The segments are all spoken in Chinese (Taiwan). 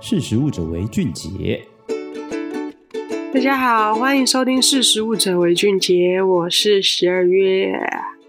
識食物者為俊傑。大家好，歡迎收聽《識食物者為俊傑》，我是食餓月。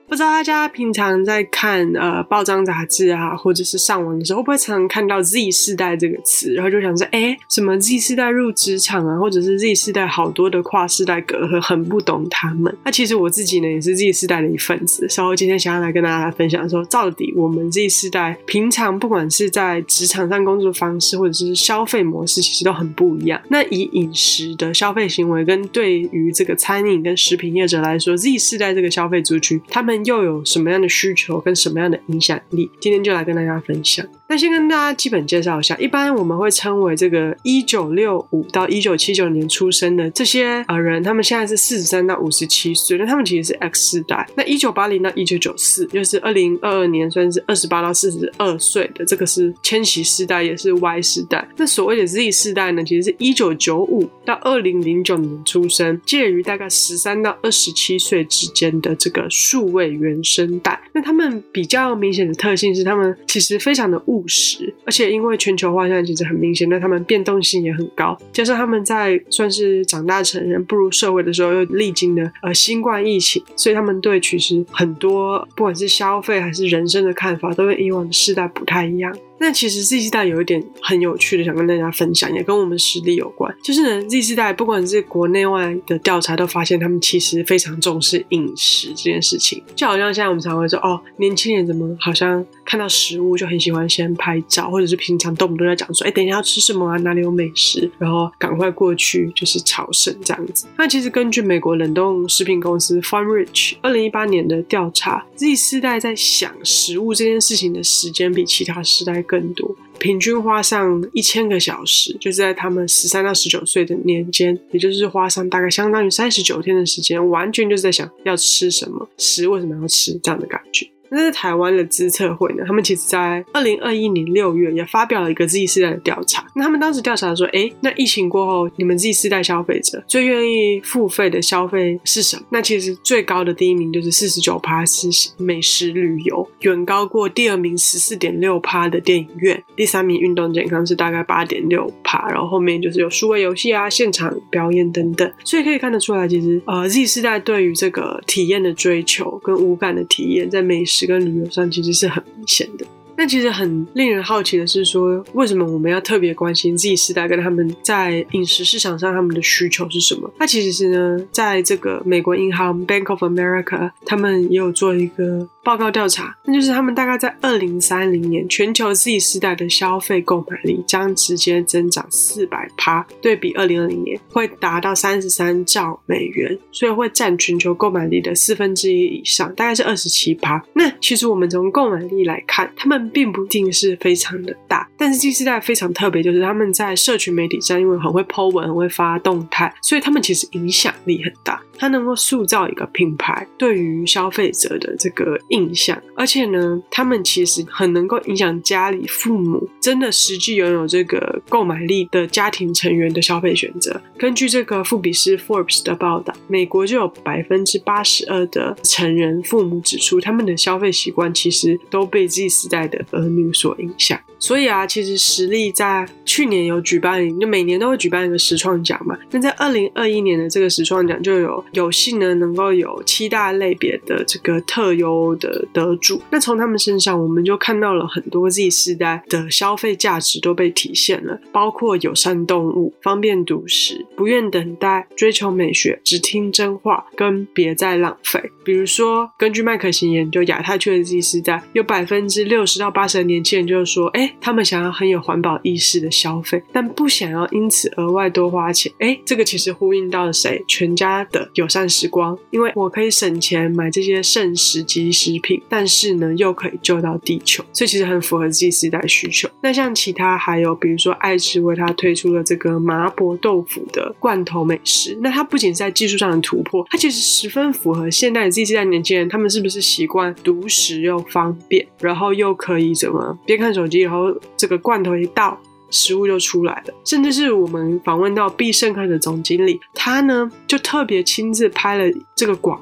不知道大家平常在看呃報章雜誌啊，或者是上網的時候，會不會常常看到 Z 世代這個詞？然後就想說，哎、欸，什麼 Z 世代入職場啊，或者是 Z 世代好多的跨世代隔閡，很不懂他們。那其實我自己呢，也是 Z 世代的一份子，所以我今天想要來跟大家來分享說，到底我們 Z 世代平常不管是在職場上工作方式，或者是消費模式，其實都很不一樣。那以飲食的消費行為跟對於這個餐飲跟食品業者來說，Z 世代這個消費族群，他們又有什麼樣的需求跟什麼樣的影響力，今天就來跟大家分享。那先跟大家基本介紹一下，一般我們會稱為這個一九六五到一九七九年出生的這些啊人，他們現在是四十三到五十七歲，那他們其實是 X 世代。那一九八零到一九九四，就是二零二二年算是二十八到四十二歲的，這個是千禧世代，也是 Y 世代。那所謂的 Z 世代呢，其實是一九九五到二零零九年出生，介於大概十三到二十七歲之間的這個數位原生代。那他們比較明顯的特性是，他們其實非常的物。務實，而且因為全球化現在其實很明顯，那他們變動性也很高。加上他們在算是長大成人、步入社會的時候，又歷經了呃新冠疫情，所以他們對其實很多，不管是消費還是人生的看法，都跟以往的世代不太一樣。那其實 Z 世代有一點很有趣的，想跟大家分享，也跟我們食力有關。就是呢，Z 世代不管是國內外的調查，都發現他們其實非常重視飲食這件事情。就好像現在我們才會說，哦，年輕人怎麼好像看到食物就很喜歡先拍照，或者是平常動不動要講說，哎，等一下要吃什麼啊？哪裡有美食，然後趕快過去就是朝聖這樣子。那其實根據美國冷凍食品公司 Farm Rich 二零一八年的調查，Z 世代在想食物這件事情的時間比其他世代更多，平均花上一千個小時，就是在他們十三到十九歲的年間，也就是花上大概相當於三十九天的時間，完全就是在想要吃什麼，吃，為什麼要吃這樣的感覺。那是台灣的資策會呢，他們其實，在二零二一年六月也發表了一個 Z 世代的調查。那他們當時調查說，哎、欸，那疫情過後，你們 Z 世代消費者最願意付費的消費是什麼？那其實最高的第一名就是四十九趴是美食旅遊，遠高過第二名十四點六趴的電影院，第三名運動健康是大概八點六趴，然後後面就是有數位遊戲啊、現場表演等等。所以可以看得出來，其實呃，Z 世代對於這個體驗的追求跟無感的體驗，在美食。跟旅遊上其實是很明顯的，但其實很令人好奇的是說，為什麼我們要特別關心 Z 世代跟他們在飲食市場上他們的需求是什麼？那其實是呢，在這個美國銀行 Bank of America，他們也有做一個。報告調查，那就是他們大概在二零三零年，全球 Z 世代的消費購買力將直接增長四百趴，對比二零二零年會達到三十三兆美元，所以會佔全球購買力的四分之一以上，大概是二十七趴。那其實我們從購買力來看，他們並不一定是非常的大，但是 Z 世代非常特別，就是他們在社群媒體上，因為很會 po 文，很會發動態，所以他們其實影響力很大，他能夠塑造一個品牌對於消費者的這個印。影響，而且呢，他們其實很能夠影響家裡父母真的實際擁有這個購買力的家庭成員的消費選擇。根據這個富比斯 Forbes 的報道，美國就有百分之八十二的成人父母指出，他們的消費習慣其實都被 Z 世代的兒女所影響。所以啊，其實食力在去年有舉辦，就每年都會舉辦一個食創獎嘛。那在二零二一年的這個食創獎，就有有幸呢能夠有七大類別的這個特優。的得主，那從他們身上，我們就看到了很多 Z 世代的消費價值都被體現了，包括友善動物、方便讀食、不願等待、追求美學、只聽真話跟別再浪費。比如說，根據麥肯錫研究，亞太區的 Z 世代有百分之六十到八十的年輕人就是說，哎、欸，他們想要很有環保意識的消費，但不想要因此額外多花錢。哎、欸，這個其實呼應到了誰？全家的友善時光，因為我可以省錢買這些剩食即食。食品，但是呢又可以救到地球，所以其實很符合 Z 世代需求。那像其他還有，比如說愛之味，他推出了這個麻婆豆腐的罐頭美食。那它不僅在技術上的突破，它其實十分符合現代的 Z 世代年輕人，他們是不是習慣獨食又方便，然後又可以怎麼邊看手機，然後這個罐頭一倒，食物就出來了。甚至是我們訪問到必勝客的總經理，他呢就特別親自拍了這個廣。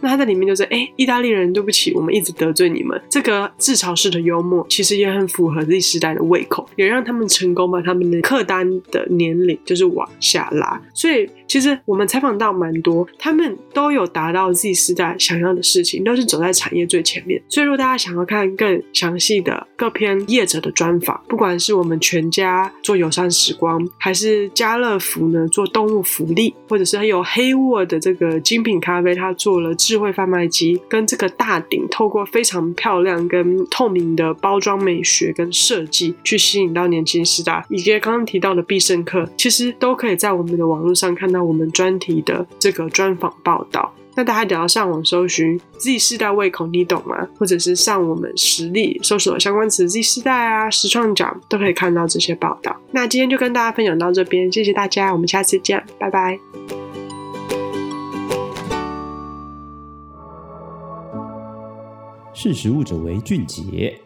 那他在裡面就說、是：“哎、欸，意大利人，對不起，我們一直得罪你們。”這個自嘲式的幽默其實也很符合 Z 世代的胃口，也讓他們成功把他們的客單的年齡就是往下拉。所以其實我們採訪到蠻多，他們都有達到 Z 世代想要的事情，都是走在產業最前面。所以如果大家想要看更詳細的各篇業者的專訪，不管是我們全家做友善時光，還是家樂福呢做動物福利，或者是還有黑沃的這個精品咖啡，它做。做了智慧販賣機跟這個大頂，透過非常漂亮跟透明的包裝美學跟設計，去吸引到年輕世代。以及剛剛提到的必勝客，其實都可以在我們的網絡上看到我們專題的這個專訪報道。那大家只要上網搜尋 “Z 世代胃口你懂嗎”，或者是上我們食力搜索相關詞 “Z 世代”啊、食創獎，都可以看到這些報道。那今天就跟大家分享到這邊，謝謝大家，我們下次見，拜拜。識食物者為俊傑。